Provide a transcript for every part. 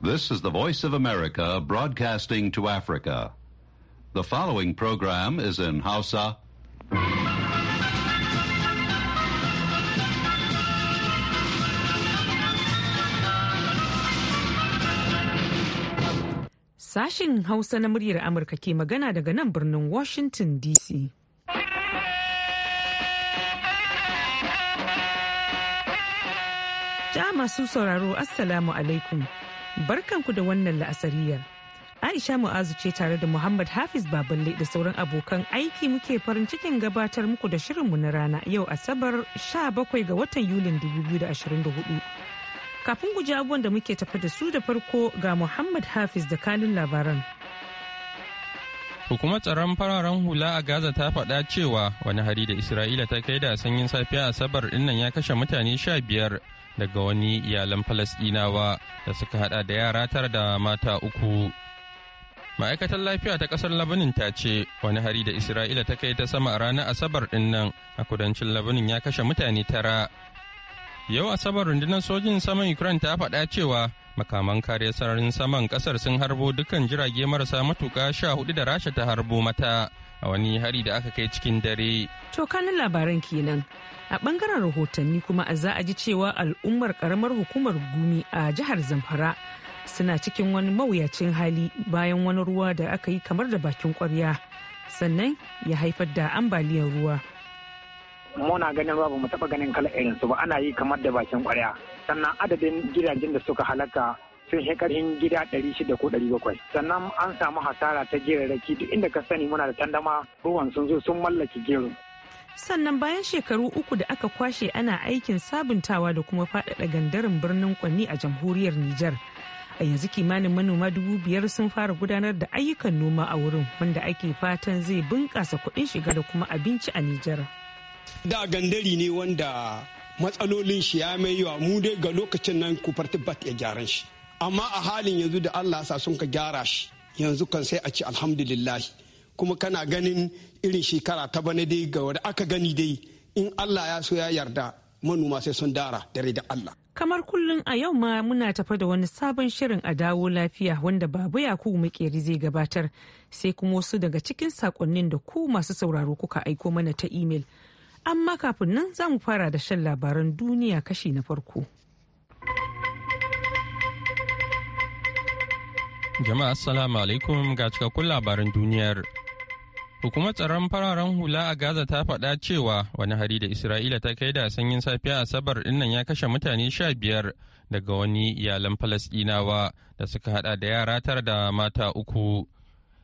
This is the Voice of America broadcasting to Africa. The following program is in Hausa. Sashin Hausa na muryar Amurka ke magana daga nan birnin Washington DC. Ja masu sauraro Assalamu alaikum. Barkanku da wannan la'asariyar. Aisha Mu'azu ce tare da Muhammad Hafiz Baballe da sauran abokan aiki muke farin cikin gabatar muku da shirinmu na rana yau Asabar 17 ga watan Yulin 2024. Kafin guji abubuwan da muke tafi da su da farko ga Muhammad Hafiz da kanin labaran. Hukumar tsaron fararen hula a Gaza ta faɗa cewa wani hari da Isra'ila ta kai da sanyin safiya Asabar dinnan ya kashe mutane sha biyar daga wani iyalan Falasɗinawa da suka haɗa da yara tara da mata uku. Ma'aikatar lafiya ta ƙasar Labanin ta ce wani hari da Isra'ila ta kai ta sama a ranar Asabar dinnan a kudancin Labanin ya kashe mutane tara. Yau Asabar rundunar sojin saman Ukraine ta faɗa cewa makaman kare sararin saman kasar sun harbo dukkan jirage marasa matuka sha hudu da rasha ta harbo mata a wani hari da aka kai cikin dare. To kanin labaran kenan a bangaren rahotanni kuma a za a ji cewa al'ummar karamar hukumar gumi a jihar zamfara suna cikin wani mawuyacin hali bayan wani ruwa da aka yi kamar da bakin kwarya sannan ya haifar da ambaliyar ruwa. muna ganin ruwa ba mu taɓa ganin kala su ba ana yi kamar da bakin kwarya sannan adadin gidajen da suka halaka sun shi karhin gida 600 ko 700 sannan an samu hasara ta gerarraki duk inda ka sani muna da tandama ruwan sun zo sun mallaki gero sannan bayan shekaru uku da aka kwashe ana aikin sabuntawa da kuma faɗaɗa gandarin birnin kwanni a jamhuriyar Nijar. a yanzu kimanin manoma dubu biyar sun fara gudanar da ayyukan noma a wurin wanda ake fatan zai bunƙasa kuɗin shiga da kuma abinci a Nijar. da gandari ne wanda matsalolin shi ya mai yiwa mu dai ga lokacin nan kufarti bat ya gyaran shi amma a halin yanzu da allah sa sun ka gyara shi yanzu kan sai a ci alhamdulillah kuma kana ganin irin shekara ta bana dai ga wanda aka gani dai in allah ya so ya yarda manoma sai sun dara dare da allah kamar kullum a yau ma muna tafa da wani sabon shirin a dawo lafiya wanda babu yakubu makeri zai gabatar sai kuma wasu daga cikin sakonnin da ku masu sauraro kuka aiko mana ta imel. amma kafin nan za mu fara da shan labaran duniya kashi na farko. Jama'a Assalamu alaikum ga cikakkun labaran duniyar. Hukumar tsaron fararen hula a Gaza ta faɗa cewa wani hari da Isra'ila ta kai da sanyin safiya Asabar dinnan ya kashe mutane sha biyar daga wani iyalan Falasɗinawa da suka haɗa da yara tara da mata uku.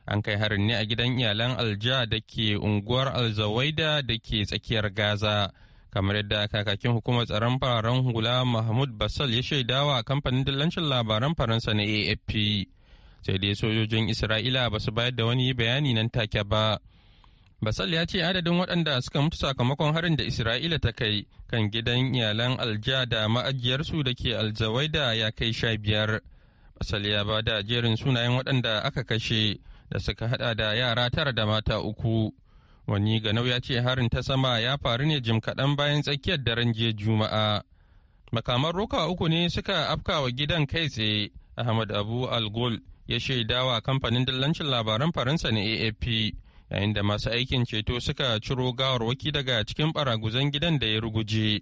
an kai harin ne a gidan iyalan alja da ke unguwar alzawaida da ke tsakiyar gaza kamar yadda kakakin hukumar tsaron fararen hula mahmud basal ya shaidawa kamfanin dillancin labaran faransa na afp sai dai sojojin isra'ila ba su bayar da wani bayani nan take ba basal ya ce adadin waɗanda suka mutu sakamakon harin da isra'ila ta kai kan gidan iyalan alja da ma'ajiyarsu da ke alzawaida ya kai sha biyar basal ya ba da jerin sunayen waɗanda aka kashe da suka hada da yara tara da mata uku wani ganau ya ce harin ta sama ya faru ne jim kaɗan bayan tsakiyar daren jiya juma'a makaman roka uku ne suka afkawa gidan kai tsaye ahmad abu algol ya shaidawa kamfanin dillancin labaran faransa na afp yayin da masu aikin ceto suka ciro gawarwaki daga cikin baraguzan gidan da ya ruguje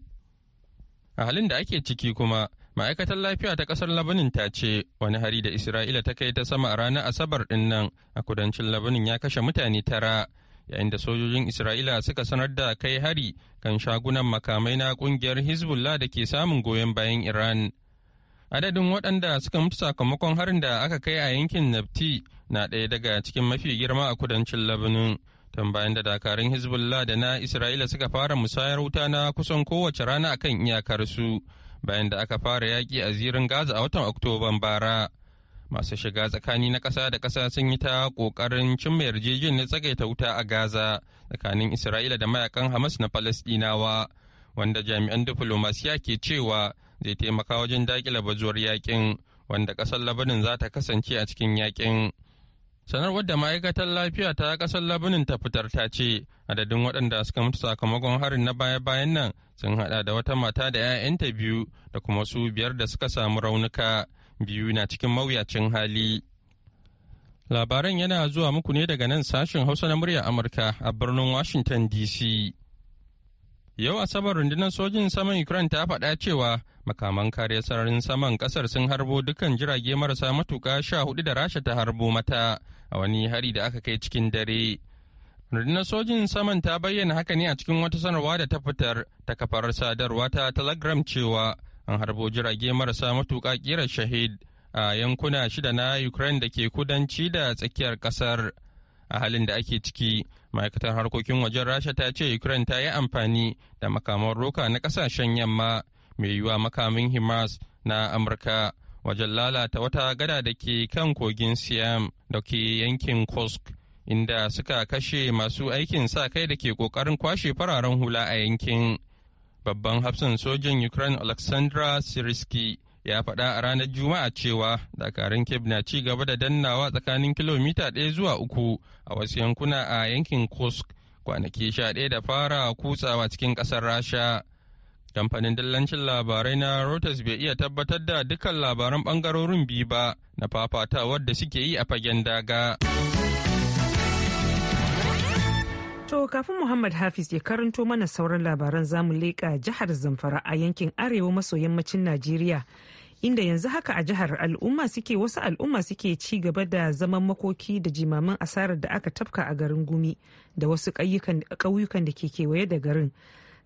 a halin da ake ciki kuma Ma'aikatar lafiya ta kasar Labanin ta ce wani hari da Isra'ila ta kai ta sama a ranar Asabar dinnan a kudancin Labanin ya kashe mutane tara yayin da sojojin Isra'ila suka sanar da kai hari kan shagunan makamai na kungiyar Hezbollah da ke samun goyon bayan Iran. Adadin waɗanda suka mutu sakamakon harin da aka kai a yankin Nafti na ɗaya daga cikin mafi girma a kudancin Labanin. Tun bayan da dakarun Hezbollah da na Isra'ila suka fara musayar wuta na kusan kowace rana akan iyakar su. bayan da aka fara yaƙi a zirin Gaza a watan Oktoban bara. Masu shiga tsakani na ƙasa da ƙasa sun yi ta ƙoƙarin cimma yarjejeniyar tsagaita wuta a Gaza tsakanin Isra'ila da mayakan Hamas na Falasɗinawa, wanda jami'an diflomasiya ke cewa zai taimaka wajen daƙile bazuwar yaƙin, wanda ƙasar Labanin za ta kasance a cikin yaƙin. sanarwar da ma'aikatar lafiya ta kasar labunin ta fitar ta ce adadin waɗanda suka mutu sakamakon harin na baya-bayan nan sun hada da wata mata da 'ya'yanta biyu da kuma su biyar da suka samu raunuka biyu na cikin mawuyacin hali labaran yana zuwa muku ne daga nan sashen hausa na murya amurka a birnin washington dc Yau Asabar rundunar sojin saman Ukraine ta faɗa cewa makaman kariyar sararin saman kasar sun harbo dukkan jirage marasa matuka sha hudu da Rasha ta harbo mata a wani hari da aka kai cikin dare. Rundunar sojin saman ta bayyana haka ne a cikin wata sanarwa da ta fitar ta kafar sadarwa ta Telegram cewa an harbo jirage marasa matuƙa ƙirar shahid a yankuna shida na Ukraine da ke kudanci da tsakiyar ƙasar. A halin da ake ciki, ma'aikatar harkokin wajen rasha ta ce ukraine ta yi amfani da makaman roka na kasashen yamma mai yiwuwa makamin himas na amurka wajen lalata wata gada da ke kan kogin siam da ke yankin kosk inda suka kashe masu aikin sa kai da ke kokarin kwashe fararen hula a yankin babban hafsan sojan ukraine alexandra siriski ya faɗa a ranar Juma'a cewa dakarun kef na ci gaba da dannawa tsakanin kilomita ɗaya zuwa uku a wasu yankuna a yankin kusk kwanaki sha ɗaya da fara kutsawa cikin ƙasar Rasha. Kamfanin dillancin labarai na Reuters bai iya tabbatar da dukkan labaran ɓangarorin biyu ba na fafatawar da suke yi a fagen daga. To kafin Muhammad Hafiz ya karanto mana sauran labaran zamu leƙa jihar Zamfara a yankin arewa maso yammacin Najeriya inda yanzu haka a jihar al'umma suke wasu al'umma suke ci gaba da zaman makoki da jimamin asarar da aka tafka a garin gumi da wasu ƙauyukan da ke kewaye da garin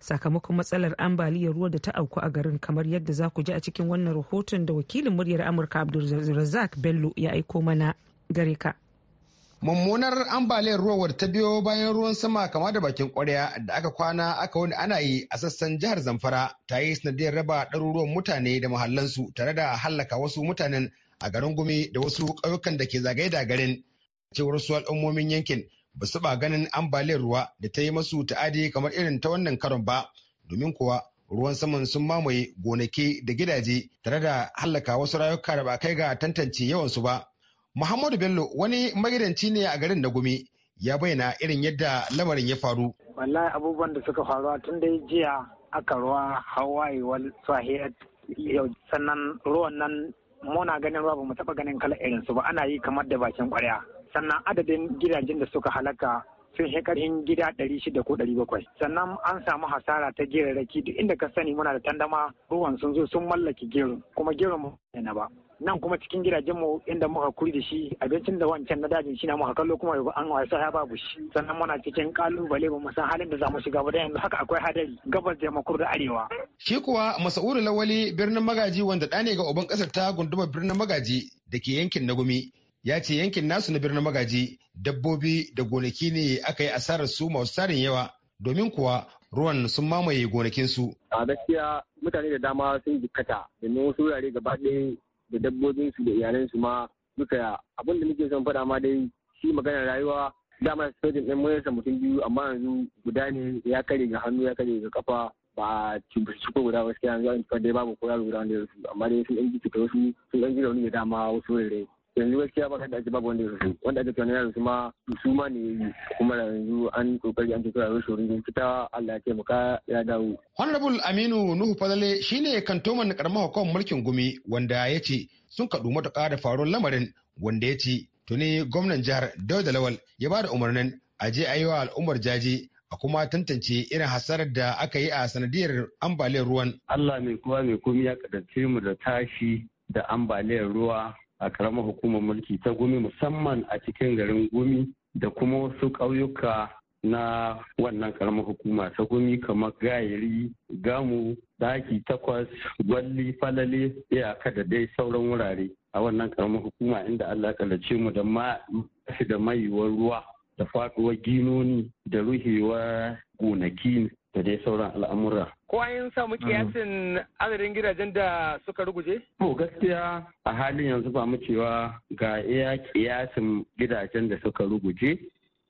sakamakon matsalar ambaliyar ruwa da ta auku a garin kamar yadda za ku ji a cikin wannan rahoton da wakilin muryar amurka abdulrazak bello ya aiko mana gare ka. mummunar ambaliyar ruwa ta biyo bayan ruwan sama kama da bakin kwarya da aka kwana aka wani ana yi a sassan jihar zamfara ta yi sanadiyar raba ɗaruruwan mutane da mahallansu tare da hallaka wasu mutanen a garin gumi da wasu ƙauyukan da ke zagaye da garin cewar su al'ummomin yankin ba su ba ganin ambaliyar ruwa da ta yi masu ta'adi kamar irin ta wannan karon ba domin kuwa ruwan saman sun mamaye gonaki da gidaje tare da hallaka wasu rayuka da ba kai ga tantance yawansu ba Muhammadu Bello wani magidanci ne a garin na ya bayyana irin yadda lamarin ya faru. Wallahi abubuwan da suka faru tun da jiya aka ruwa Hawaii wal yau sannan ruwan nan muna ganin ruwa ba mu taɓa ganin kala irin su ba ana yi kamar da bakin kwarya sannan adadin gidajen da suka halaka sun shi gida ɗari ko ɗari sannan an samu hasara ta gerarraki duk inda ka sani muna da tandama ruwan sun zo sun mallaki gero kuma gero mu ba nan kuma cikin gidajen mu inda muka kuri da shi abincin da wancan na dajin shi na muka kallo kuma an wasa ya babu shi sannan muna cikin kalubale ba san halin da za mu shiga ba yanzu haka akwai hadari gabas da makur da arewa shi kuwa masauri lawali birnin magaji wanda ɗane ga uban ƙasar ta gunduma birnin magaji da ke yankin nagumi ya ce yankin nasu na birnin magaji dabbobi da gonaki ne aka yi asarar su masu tsarin yawa domin kuwa ruwan sun mamaye gonakinsu. A gaskiya mutane da dama sun jikkata domin wasu wurare gaba ɗaya da dabbobin su da iyalan su ma duka ya abin da nake son faɗa ma dai shi magana rayuwa dama sojin ɗin mayarsa mutum biyu amma yanzu guda ne ya kare ga hannu ya kare ga kafa ba cimbishi ko guda gaskiya yanzu an fadai babu kura guda wanda ya rasu amma dai sun ɗan ji wasu sun ɗan gida wani da dama wasu rere. yanzu gaskiya ba da ake babu wanda ya rasu wanda ake tunanin yaro ma su ma ne yi kuma yanzu an kokari an tuka yaro wurin jin fita Allah ya taimaka ya dawo. Honorable Aminu Nuhu Fadale shine kantoman karamar hukumar mulkin gumi wanda ya ce sun kaɗu matuƙa da faruwar lamarin wanda ya ce tuni gwamnan jihar Dauda Lawal ya ba da umarnin a je a yi wa al'ummar jaje a kuma tantance irin hasarar da aka yi a sanadiyar ambaliyar ruwan. Allah mai kuwa mai komi ya kadance mu da tashi da ambaliyar ruwa a karamar hukumar mulki ta gumi musamman a cikin garin gumi da kuma wasu ƙauyuka na wannan karamar hukuma ta gumi kamar gayiri gamu daki takwas gwalli falale iyaka da dai sauran wurare a wannan karamar hukuma inda allah kalace mu da da maiwar ruwa da faduwar ginoni da ruhewar gonaki da dai sauran al'amura. Ko sa samu kiyasin adadin gidajen da suka ruguje? ko gaskiya a halin yanzu ba mu cewa ga iya kiyasin gidajen da suka ruguje.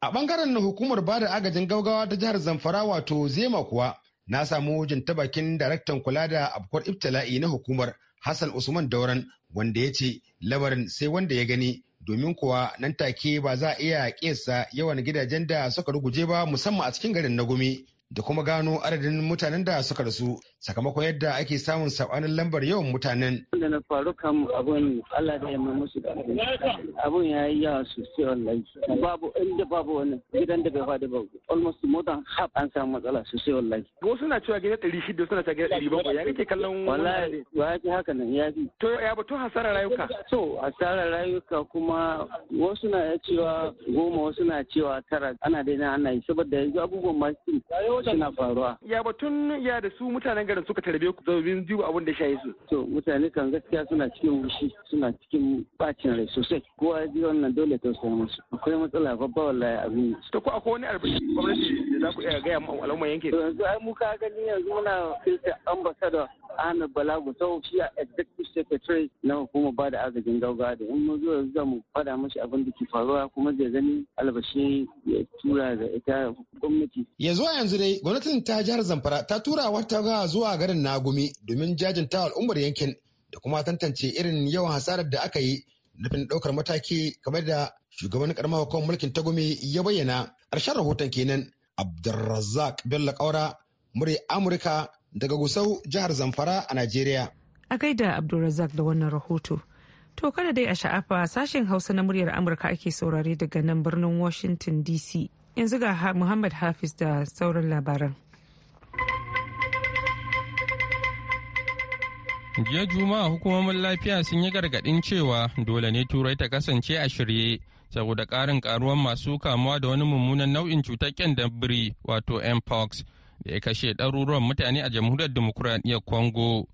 A bangaren hukumar bada agajin gaugawa ta jihar Zamfara wato Zema kuwa na samu wajen bakin daraktan kula da afkuwar ibtila'i na hukumar Hassan Usman Dauran wanda ya ce labarin sai wanda ya gani domin kuwa nan take ba za a iya kesa yawan gidajen da suka ruguje ba musamman a cikin garin nagumi. da kuma gano adadin mutanen da suka rasu sakamakon yadda ake samun sabanin lambar yawan mutanen. Da na faru kam abun Allah da yamma musu da abun ya yi yawa sosai wallahi babu inda babu wani gidan da bai fada ba almost more than half an samu matsala sosai wallahi. Ko suna cewa gida ɗari shida suna cewa gida ɗari bakwai ya kake kallon wallahi ba ya ce haka nan ya fi. To ya ba to hasarar rayuka. To hasarar rayuka kuma wasu na cewa goma wasu na cewa tara ana daina ana yi saboda yanzu abubuwan masu wajen na faruwa. Ya batun ya da su mutanen garin suka tarbe ku zaubin biyu abin da shaye su. To mutane kan gaskiya suna cikin wushi suna cikin bacin rai sosai. Kowa ya ji wannan dole ta wasu musu. Akwai matsala babba wallahi abin. To ko akwai wani albashi gwamnati da za ku iya gaya ma al'umma yanke. Yanzu ai mu ka gani yanzu muna filta ambassador Ahmed Bala Gusau shi a Executive Secretary na hukumar ba da agajin gaugawa da in mun zo yanzu za mu faɗa mashi abin da ke faruwa kuma zai gani albashi ya tura da ita gwamnati. Yanzu a yanzu dai dai gwamnatin ta jihar zamfara ta tura wata ga zuwa garin nagumi domin jajinta al'ummar yankin da kuma tantance irin yawan hasarar da aka yi nufin ɗaukar mataki kamar da shugaban karamar hukumar mulkin tagumi ya bayyana karshen rahoton kenan abdulrazak bello kaura murya amurka daga gusau jihar zamfara a najeriya a gaida abdulrazak da wannan rahoto to kada dai a sha'afa sashen hausa na muryar amurka ake saurare daga nan birnin washington dc yanzu ga muhammad hafiz da sauran labaran jiya juma'a hukumomin lafiya sun yi gargaɗin cewa dole ne turai ta kasance a shirye saboda ƙarin karuwan masu kamuwa da wani mummunan nau'in cutar kyandabiri wato mpox da ya kashe ɗaruruwan mutane a jamhuriyar demokuraɗiyyar congo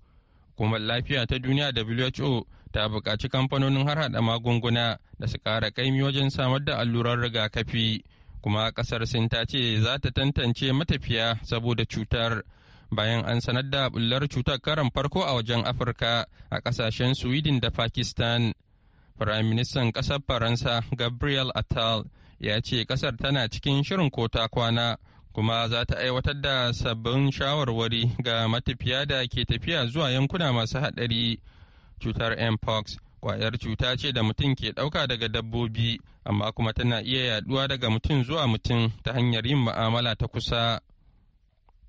hukumar lafiya ta duniya who ta buƙaci kamfanonin har haɗa magunguna da su ƙara kaimi wajen samar da allurar rigakafi kuma kasar sin ta ce za ta tantance matafiya saboda cutar bayan an sanar da bullar cutar karan farko a wajen afirka a kasashen sweden da pakistan firaministan kasar faransa gabriel attal ya ce kasar tana cikin shirin kota kwana kuma za ta aiwatar da sabbin shawarwari ga matafiya da ke tafiya zuwa yankuna masu haɗari cutar mpox Kwayar cuta ce da mutum ke ɗauka daga dabbobi, amma kuma tana iya yaduwa daga mutum zuwa mutum ta hanyar yin ma'amala ta kusa.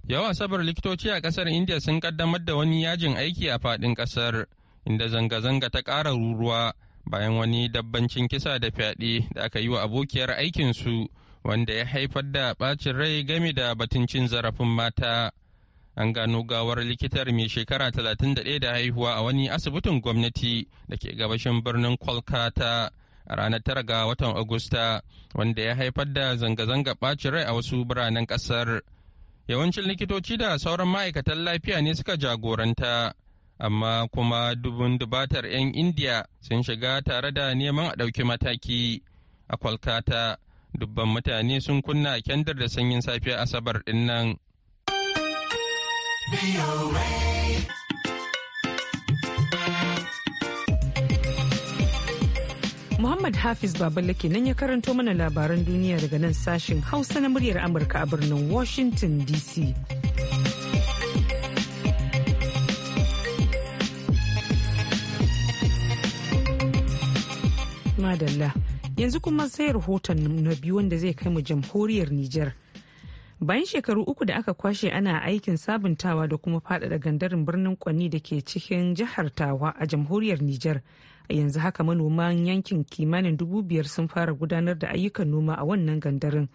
Yawa sabar likitoci a ƙasar India sun ƙaddamar da wani yajin aiki a faɗin ƙasar, inda zanga-zanga ta ƙara ruruwa bayan wani dabbancin kisa da fyaɗe da aka yi wa abokiyar aikinsu wanda ya haifar da ɓacin rai game da batun cin zarafin mata. an gano gawar likitar mai shekara 31 da haihuwa a wani asibitin gwamnati da ke gabashin birnin kolkata a ranar 9 ga watan agusta wanda ya haifar da zanga-zanga ɓacin rai a wasu biranen ƙasar yawancin likitoci da sauran ma'aikatan lafiya ne suka jagoranta amma kuma dubun dubatar 'yan indiya sun shiga tare da neman a ɗauki mataki a kolkata dubban mutane sun kunna kyandir da sanyin safiya asabar ɗin Muhammad Hafiz Baballe kenan ya karanto mana labaran duniya daga nan sashen Hausa na muryar Amurka a birnin Washington DC. Madalla, yanzu kuma sai rahoton na biyu wanda zai kai mu jamhuriyar Nijar. bayan shekaru uku da aka kwashe ana aikin sabuntawa da kuma faɗaɗa gandarin birnin kwanni da ke cikin jihar tawa a jamhuriyar niger a yanzu haka manoman yankin kimanin dubu biyar sun fara gudanar da ayyukan noma a wannan gandarin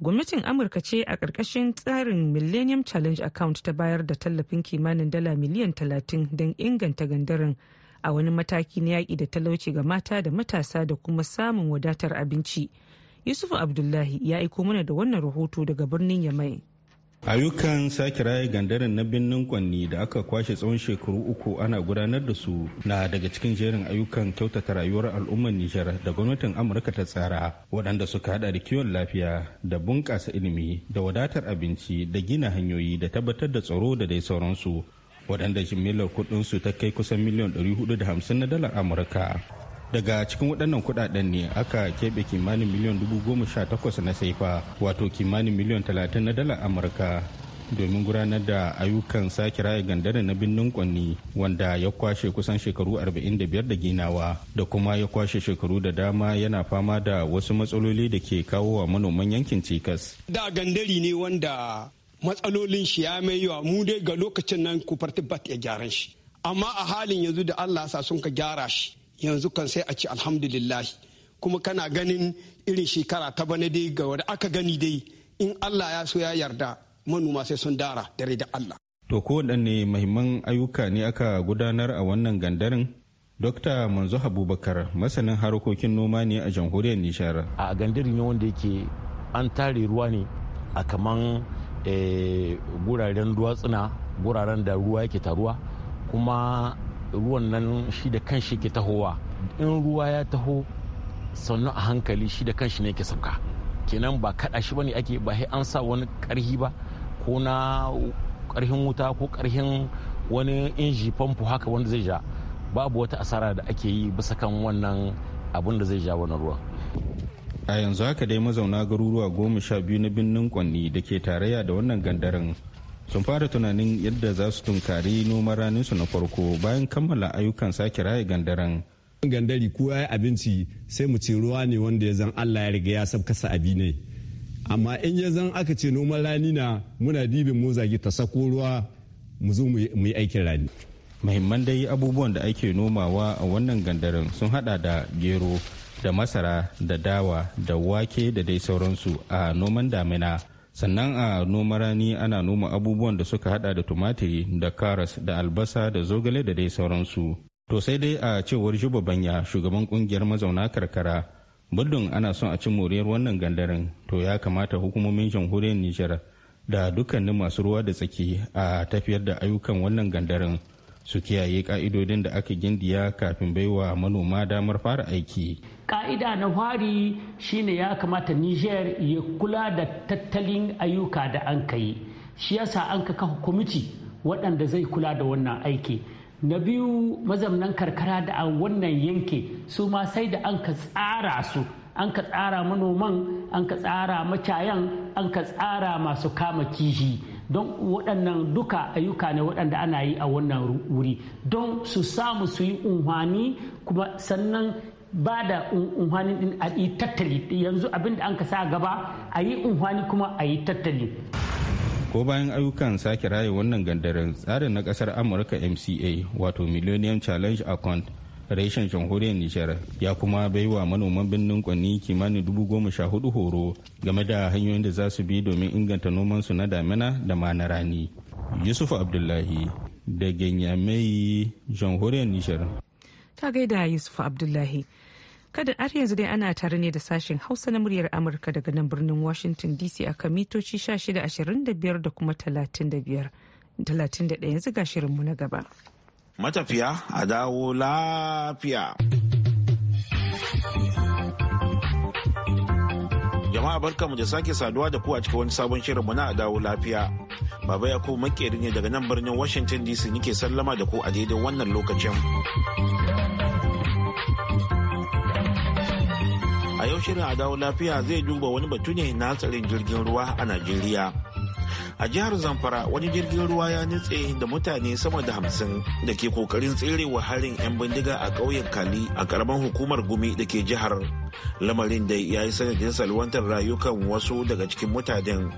gwamnatin amurka ce a ƙarƙashin tsarin millennium challenge account ta bayar da tallafin kimanin dala miliyan talatin don inganta gandarin a wani mataki na yaƙi da talauci ga mata da matasa da kuma samun wadatar abinci. Yusuf Abdullahi ya aiko mana da wannan rahoto daga birnin Yamai. ayyukan sake raye gandaren na birnin kwanni da aka kwashe tsawon shekaru uku ana gudanar da su na daga cikin jerin ayyukan kyautata rayuwar al'ummar nijar da gwamnatin amurka ta tsara waɗanda suka hada da kiwon lafiya da bunƙasa ilimi da wadatar abinci da gina hanyoyi da tabbatar da tsaro da dai sauransu waɗanda jimillar kuɗinsu ta kai kusan miliyan 450 na dalar amurka daga cikin waɗannan kuɗaɗen ne aka keɓe kimanin miliyan dubu goma sha takwas na saifa wato kimanin miliyan talatin na dala amurka domin gudanar da ayyukan sake raya gandara na birnin kwanni wanda ya kwashe kusan shekaru 45 da ginawa da kuma ya kwashe shekaru da dama yana fama da wasu matsaloli da ke kawo wa manoman yankin cikas da gandari ne wanda matsalolin shi ya mai yawa mu dai ga lokacin nan kufartibat ya gyaran shi amma a halin yanzu da allah sa sun ka gyara shi yanzu kan sai a ci alhamdulillahi kuma kana ganin irin shekara ta bane dai ga wanda aka gani dai in Allah ya so ya yarda manoma sai sun dara dare da Allah. To ko ne mahimman ayyuka ne aka gudanar a wannan gandarin? Dokta Manzo Abubakar masanin harkokin noma ne a jamhuriyar Nishar. A gandarin ne wanda yake an tare ruwa ne a kaman eh, guraren tsina guraren da ruwa yake taruwa kuma ruwan nan shi da kanshi ke tahowa in ruwa ya taho sannu a hankali shi da kanshi ne ke sauka kenan ba kaɗa shi bane ake ba an sa wani ƙarhi ba ko na ƙarhin wuta ko ƙarhin wani inji famfo haka wanda zai ja babu wata asara da ake yi bisa kan wannan abin da zai ja wani ruwan a yanzu haka dai mazauna garuruwa goma sha biyu na birnin kwanni da ke tarayya da wannan gandarin sun fara tunanin yadda za su tunkari noman su na farko bayan kammala ayyukan sake raye gandaren gandari ko ya abinci sai mu ce ruwa ne wanda ya zan allah ya riga ya sabkasa abi ne amma in ya zan aka ce noman rani na muna dibin mu zagi ta sako ruwa mu zo mu yi aikin rani muhimman dai abubuwan da ake nomawa a wannan gandarin sun hada da gero da masara da dawa da wake da dai sauransu a noman damina sannan a noma rani ana noma abubuwan da suka hada da tumatiri da karas da albasa da zogale da dai sauransu to sai dai a cewar juba banya shugaban kungiyar mazauna karkara muddin ana son a ci moriyar wannan gandarin to ya kamata hukumomin jamhuriyar nijar da dukkanin masu ruwa da tsaki a tafiyar da ayyukan wannan gandarin su kiyaye ka'idodin da aka gindiya kafin baiwa manoma damar fara aiki ka'ida na fari shine ya kamata niger ya kula da tattalin ayyuka da an kai. yi shi yasa an ka kafa kwamiti waɗanda zai kula da wannan aiki na biyu mazamnan karkara da a wannan yanke su ma sai da an ka tsara su an ka tsara manoman an ka tsara macayan an ka tsara masu kama kishi don waɗannan duka ayyuka ne waɗanda ana yi a wannan wuri don su samu su yi unhwani kuma sannan ba da unhwani din a yi tattali yanzu abinda da an ka sa gaba a yi unhwani kuma a yi tattali ko bayan ayyukan sake raye wannan gandaren tsarin na kasar amurka mca wato millennium challenge account reshen jamhuriyar nijar ya kuma baiwa manoman birnin kwanni kimanin dubu goma sha hudu horo game da hanyoyin da za su bi domin inganta nomansu na damina da ma na rani yusuf abdullahi da ganyamai jamhuriyar nijar ta gaida yusuf abdullahi kada har yanzu dai ana tare ne da sashen hausa na muryar amurka daga nan birnin washington dc a kan mitoci 1625 da kuma 31 yanzu ga shirinmu na gaba matafiya a dawo lafiya. Jama'a barkamu da sake saduwa da ku a cikin wani sabon shirinmu na a dawo lafiya. Baba ya makeri ne daga nan birnin Washington DC nike sallama da ku a daidai wannan lokacin. A yau shirin a dawo lafiya zai duba wani batu ne na tsarin jirgin ruwa a Najeriya. a jihar zamfara wani jirgin ruwa ya nutse da mutane sama da hamsin da ke kokarin tserewa harin 'yan bindiga a ƙauyen kali a ƙaramin hukumar gumi da ke jihar lamarin da ya yi sanadin salwantar rayukan wasu daga cikin mutanen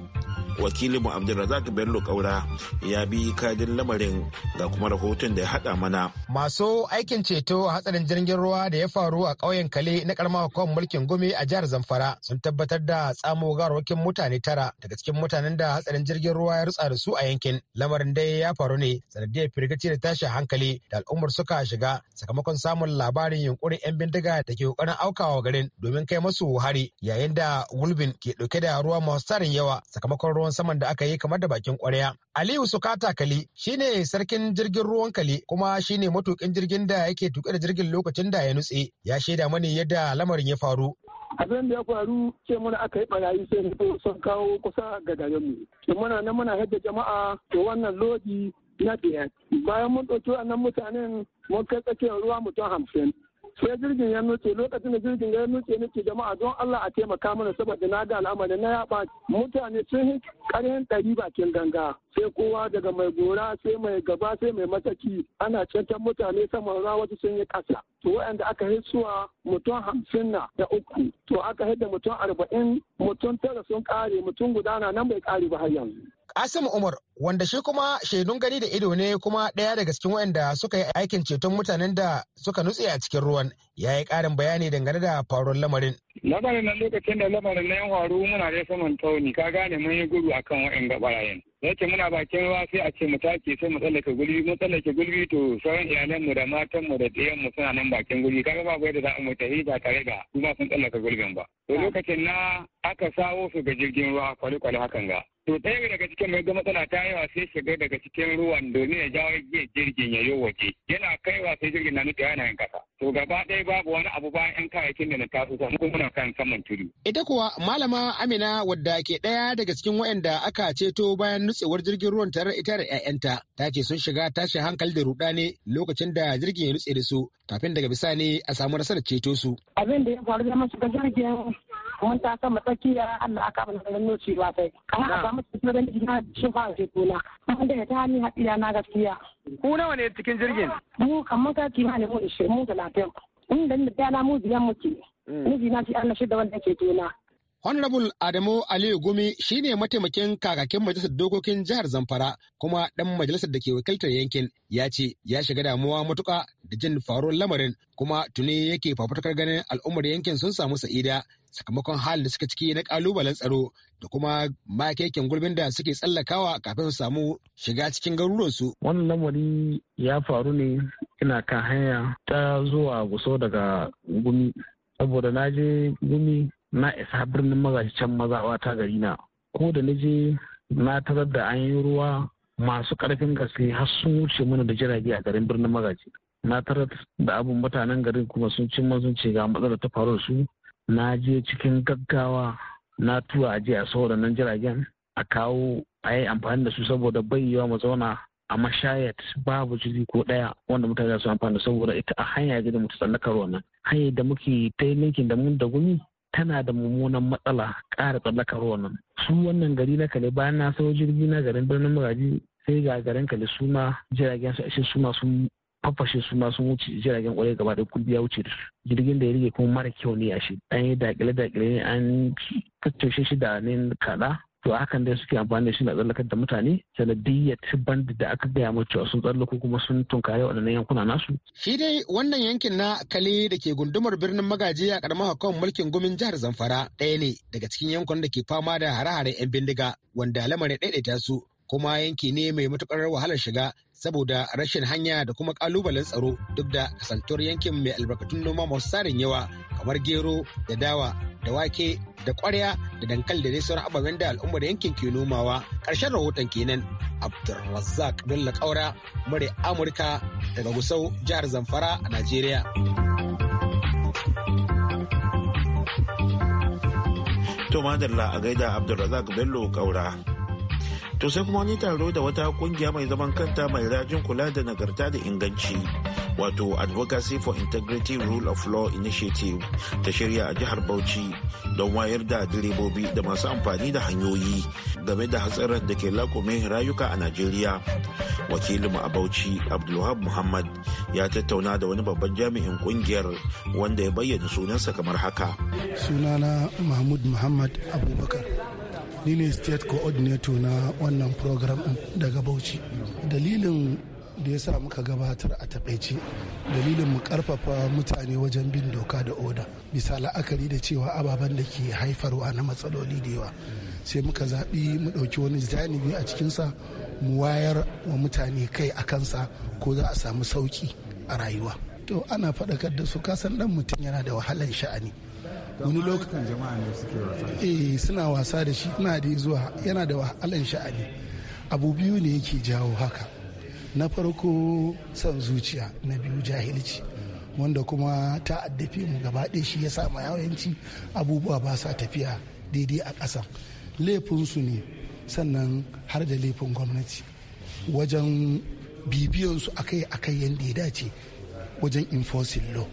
wakilinmu abdulrazak bello kaura ya bi kadin lamarin ga kuma rahoton da ya hada mana masu aikin ceto a hatsarin jirgin ruwa da ya faru a ƙauyen kale na karamar hukumar mulkin gumi a jihar zamfara sun tabbatar da tsamo garwakin mutane tara daga cikin mutanen da hatsarin jirgin ruwa ya rutsa da su a yankin lamarin dai ya faru ne sanadiyar firgici da tashi hankali da al'ummar suka shiga sakamakon samun labarin yunkurin 'yan bindiga da ke kokarin aukawa garin domin kai masu hari yayin da gulbin ke dauke da ruwa masu tarin yawa sakamakon ruwan ruwan saman da aka yi kamar da bakin ƙwarya. Aliyu Sukata Kali shine sarkin jirgin ruwan kale kuma shine matukin jirgin da yake tuƙe da jirgin lokacin da ya nutse. Ya shaida mani yadda lamarin ya faru. abin da ya faru ce muna aka yi barayi sai sun kawo kusa ga garinmu da muna nan muna yadda jama'a da wannan lodi na biyar bayan mun ɗauki wannan mutanen mun kai tsakiyar ruwa mutum hamsin sai jirgin ya nuce lokacin da jirgin ya nuce nake jama'a don Allah a taimaka mana saboda na ga al'amari na ya ba mutane sun yi karin ɗari bakin ganga sai kowa daga mai gora sai mai gaba sai mai mataki ana cancan mutane saman rawatu sun yi ƙasa to waɗanda aka suwa mutum hamsin na da uku to aka hidda mutum arba'in mutum tara sun kare mutum guda na nan bai ƙare ba har yanzu Kasim Umar wanda shi kuma shaidun gani da ido ne kuma ɗaya daga cikin waɗanda suka yi aikin ceton mutanen da suka nutse a cikin ruwan ya yi ƙarin bayani dangane da faruwar lamarin. Lamarin na lokacin da lamarin na yan faru muna da saman tauni ka gane mun yi gudu akan waɗanda ɓarayin. yake muna bakin ruwa sai a ce mu take sai mu tsallake gulbi mu tsallake gulbi to sauran iyalan mu da matanmu da ɗayan mu suna nan bakin gulbi kaga babu yadda za mu tafi ba tare da su sun tsallaka gulbin ba to lokacin na aka sawo su ga jirgin ruwa kwale hakan ga to ɗaya daga cikin mai matsala ta yawa sai shiga daga cikin ruwan domin ya jawo yin jirgin ya yi waje yana kaiwa sai jirgin na nufi yanayin kasa to gaba ɗaya babu wani abu bayan yan kayayyakin da na taso sa mu muna kan saman tudu. ita kuwa malama amina wadda ke ɗaya daga cikin waɗanda aka ceto bayan nutsewar jirgin ruwan tare ita da 'ya'yanta ta ce sun shiga tashin hankali da ruɗani lokacin da jirgin ya nutse da su kafin daga bisani a samu nasarar ceto su. abin da ya faru da masu jirgin mun ta sama tsakiya Allah aka bani da noci ba sai kana a samu cikin da ina shi ba sai kula kuma da ta hani hadiya na gaskiya ku nawa ne cikin jirgin mu kamar ka kimanin mu 20 mu da lafiya inda da na mu biyan muke miji mm. na shi Allah shi da wanda ke tona Honorable Adamu Aliyu Gumi shi ne mataimakin kakakin majalisar dokokin jihar Zamfara kuma ɗan majalisar da ke wakiltar yankin ya ce ya shiga damuwa matuƙa da jin faruwar lamarin kuma tuni yake fafutukar ganin al'ummar yankin sun samu sa'ida sakamakon halin da suka ciki na ƙalubalen tsaro da kuma makekin gurbin da suke tsallakawa kafin su samu shiga cikin garuruwansu. Wannan lamari ya faru ne ina kan hanya ta zuwa guso daga gumi saboda na je gumi na isa birnin magaji can mazawa gari na ko da na je na tarar da an yi ruwa masu karfin gaske har sun wuce mana da jirage a garin birnin magaji na tarar da abin mutanen garin kuma sun cin mazun ce ga matsalar ta faru su na je cikin gaggawa na tura aje a saboda nan jiragen a kawo a yi amfani da su saboda bayyawa mu zauna a mashayat babu jiri ko daya wanda mutane su amfani saboda ita a hanya gida mu tsallakar wannan hanyar da muke ta ninkin da mun da gumi tana da mummunan matsala ƙara tsallakar wannan su wannan gari na kale bayan na sau jirgi na garin birnin magaji sai ga garin kale su ma jiragen su ashe su sun fafashe su ma sun wuce jiragen kwarai gaba da kulbi ya wuce jirgin da ya rige kuma mara kyau ne ashe an yi dakile dakile ne an tattaushe shi da ne kada to hakan dai suke amfani da shi na tsallakar da mutane sanadiyyar tibban da aka gaya mu cewa sun tsallako kuma sun tunkare waɗannan yankuna nasu. shi dai wannan yankin na kale da ke gundumar birnin magaji a ƙaramin hakan mulkin gumin jihar zamfara ɗaya ne daga cikin yankunan da ke fama da hare-haren 'yan bindiga wanda lamarin ɗaiɗaita su kuma yanki ne mai matukar wahalar shiga saboda rashin hanya da kuma kalubalen tsaro duk da kasantuwar yankin mai albarkatun noma masu tsarin yawa kamar gero da dawa da wake da kwarya da dankali da dai sauran ababen da al'ummar yankin ke nomawa ƙarshen rahoton kenan abdulrazzaq bello kaura mare amurka daga gusau jihar zamfara a najeriya to madalla a gaida abdulrazzaq bello kaura to sai kuma wani taro da wata kungiya mai zaman kanta mai rajin kula da nagarta da inganci wato advocacy for integrity rule of law initiative ta shirya a jihar bauchi don wayar da direbobi da masu amfani da hanyoyi game da hatsarin da ke lakume rayuka a najeriya mu a bauchi abdulwahab muhammad ya tattauna da wani babban jami'in kungiyar wanda ya bayyana sunansa kamar haka sunana mahmud muhammad abubakar ni ne state coordinator na wannan program daga bauchi dalilin da ya sa muka gabatar a taɓaice dalilin mu karfafa mutane wajen bin doka da oda bisa la'akari da cewa ababen da ke haifarwa na matsaloli da yawa sai muka zaɓi mu ɗauki wani zanibi a cikinsa mu wayar wa mutane kai a kansa ko za a samu sauƙi a rayuwa to ana faɗakar da su kasan ɗan mutum yana da wahalan sha'ani wani lokacin jama'a ne suke wasa eh suna wasa da shi ina da zuwa yana da wahalan sha'ani abu biyu ne yake jawo haka na farko son zuciya na biyu jahilci wanda kuma ta addafi mu gaba ɗaya shi ya samu yawanci abubuwa ba sa tafiya daidai a ƙasa laifinsu ne sannan har da laifin gwamnati wajen bibiyansu akai akai yadda ya dace wajen enforcing law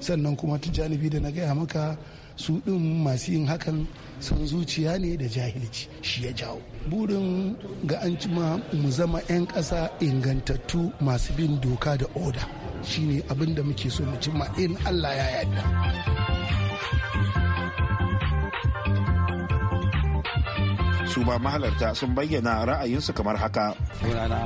sannan kuma ta janibi da na gaya maka su ɗin masu yin hakan sun zuciya ne da jahilci shi ya jawo burin ga an cima mu zama 'yan ƙasa ingantattu masu bin doka da oda shine abin da muke so mu cimma in allah ya yadda. su ma mahalarta sun bayyana ra'ayinsu kamar haka. Sunana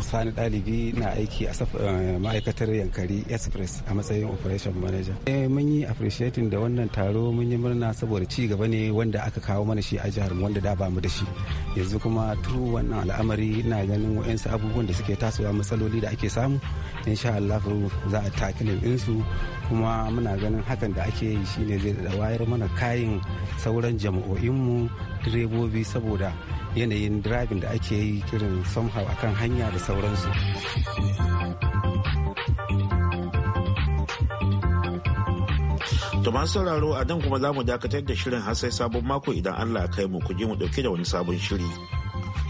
Sani ɗalibi na aiki a eh, ma'aikatar Yankari Express a matsayin Operation Manager. Eh, mun yi appreciating da wannan taro mun yi murna saboda ci gaba ne wanda aka kawo mana shi a jihar mu wanda da ba mu da shi. Yanzu kuma turu wannan al'amari ina ganin wa'ansu abubuwan da suke tasowa matsaloli da ake samu. Insha Allah za a takilin insu kuma muna ganin hakan da ake yi shine zai da wayar mana kayan sauran jama'o'inmu direbobi saboda yanayin drabin da ake yi kirin somehow akan hanya da sauransu To masu sauraro a nan kuma za mu dakatar da shirin har sai sabon mako idan Allah a kai mu ku mu dauke da wani sabon shiri.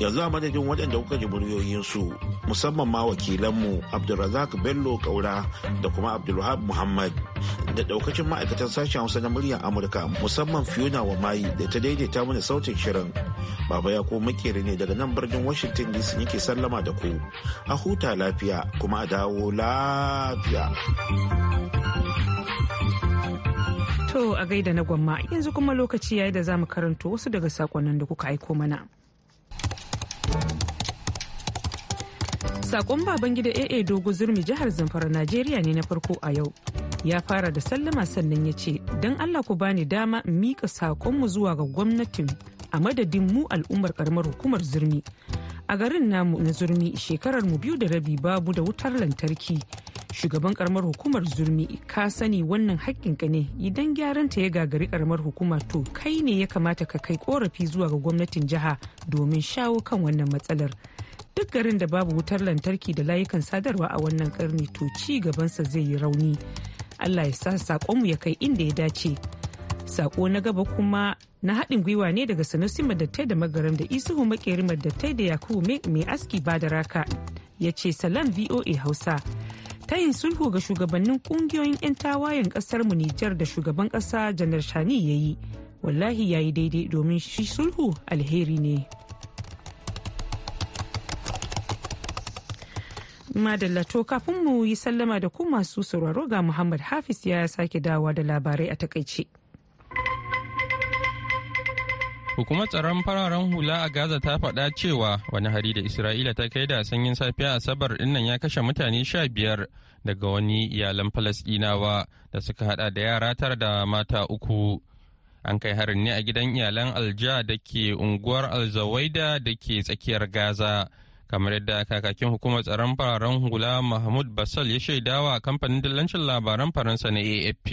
yanzu a madadin waɗanda kuka ji muryoyinsu musamman ma wakilanmu abdulrazak bello kaura da kuma abdulwahab muhammad da ɗaukacin ma'aikatan sashen hausa na muryar amurka musamman fiona wa mayi da ta daidaita mana sautin shirin baba ya ko makeri ne daga nan birnin washington dc yake sallama da ku a huta lafiya kuma a dawo lafiya To a gaida na gwamma yanzu kuma lokaci yayi da zamu karanto wasu daga sakonnin da kuka aiko mana. Sakon baban gida AA Dogo Zurmi jihar Zamfara Najeriya ne na farko a yau. Ya fara da sallama sannan ya ce, "Don Allah ku bani dama in miƙa sakonmu zuwa ga gwamnatin a madadin mu al'ummar karamar hukumar Zurmi. A garin namu na Zurmi shekarar mu biyu da rabi babu da wutar lantarki. Shugaban karamar hukumar Zurmi ka sani wannan ka ne idan gyaran ta ya gagari karamar hukuma to kai ne ya kamata ka kai korafi zuwa ga gwamnatin jiha domin shawo kan wannan matsalar. duk garin da babu wutar lantarki da layukan sadarwa a wannan karni to ci gabansa zai yi rauni allah ya sa saƙonmu ya kai inda ya dace sako na gaba kuma na haɗin gwiwa ne daga sanusi madattai da magaram da isuhu makeri madattai da yakubu mai aski ba da raka ya ce salam voa hausa ta tayin sulhu ga shugabannin ƙungiyoyin 'yan tawayen kasar mu nijar da shugaban kasa janar shani ya yi wallahi ya yi daidai domin shi sulhu alheri ne Madalla to kafin mu yi sallama da ku masu sauraro ga Muhammad Hafiz ya sake dawa da labarai a takaice. Hukumar tsaron fararen hula a Gaza ta faɗa cewa wani hari da Isra'ila ta kai da sanyin safiya Asabar dinnan ya kashe mutane sha biyar daga wani iyalan Falasɗinawa da suka haɗa da yara tara da mata uku. An kai harin ne a gidan iyalan Alja da ke unguwar Alzawaida da ke tsakiyar Gaza. kamar yadda kakakin hukumar tsaron fararen hula mahmud basal ya shaidawa kamfanin dillancin labaran faransa na afp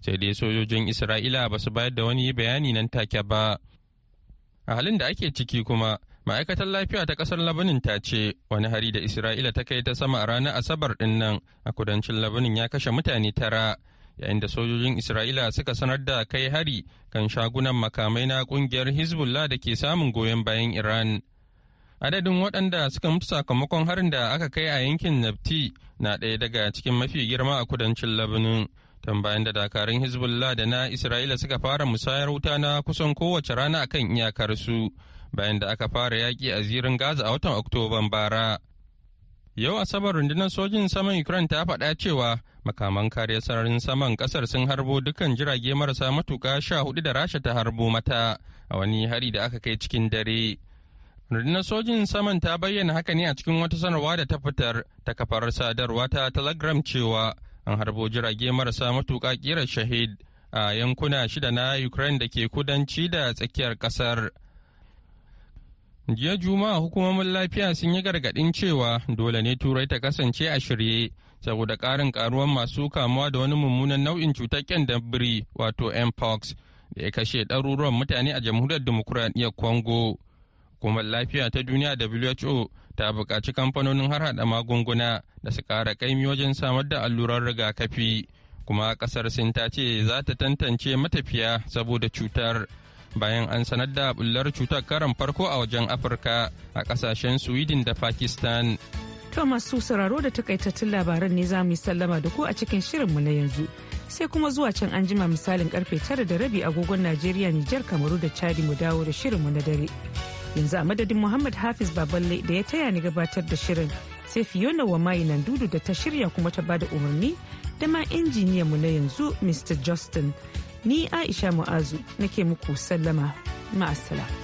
sai dai sojojin isra'ila ba su bayar da wani bayani nan take ba a halin da ake ciki kuma ma'aikatar lafiya ta kasar labanin ta ce wani hari da isra'ila ta kai ta sama a ranar asabar din nan a kudancin labanin ya kashe mutane tara yayin da sojojin isra'ila suka sanar da kai hari kan shagunan makamai na kungiyar hezbollah da ke samun goyon bayan iran Adadin waɗanda suka mutu sakamakon harin da aka kai a yankin Nafti na ɗaya daga cikin mafi girma a kudancin Labanin. Tambayan da dakarun Hezbollah da na Isra'ila suka fara musayar wuta na kusan kowace rana akan iyakarsu bayan da aka fara yaƙi a zirin Gaza a watan Oktoban bara. Yau Asabar rundunar sojin saman Ukraine ta faɗa cewa makaman kariya sararin saman ƙasar sun harbo dukkan jirage marasa matuka sha hudu da Rasha ta harbo mata a wani hari da aka kai cikin dare. rundunar sojin saman ta bayyana haka ne a cikin wata sanarwa da ta fitar ta kafar sadarwa ta telegram cewa an harbo jirage marasa matuƙa ƙirar shahid a yankuna shida na ukraine da ke kudanci da tsakiyar ƙasar jiya juma'a hukumomin lafiya sun yi gargaɗin cewa dole ne turai ta kasance a shirye saboda ƙarin ƙaruwar masu kamuwa da wani mummunan nau'in cutar kyandabiri wato mpox da ya kashe ɗaruruwan mutane a jamhuriyar dimokuraɗiyyar congo hukumar lafiya ta duniya who ta buƙaci kamfanonin har hada magunguna da su ƙara ƙaimi wajen samar da allurar rigakafi kuma kasar sin ta ce za ta tantance matafiya saboda cutar bayan an sanar da bullar cutar karan farko a wajen afirka a kasashen sweden da pakistan to masu sauraro da takaitattun labaran ne za mu yi sallama da ku a cikin shirinmu na yanzu sai kuma zuwa can an jima misalin karfe tara da rabi agogon najeriya nijar kamaru da chadi mu dawo da shirinmu na dare yanzu a madadin muhammad hafiz baballe da ya taya ni gabatar da shirin sai fiona wa mai nan dudu da ta shirya kuma ta bada umarni da ma injiniya mu na yanzu mr justin ni aisha mu'azu nake muku sallama ma'asala.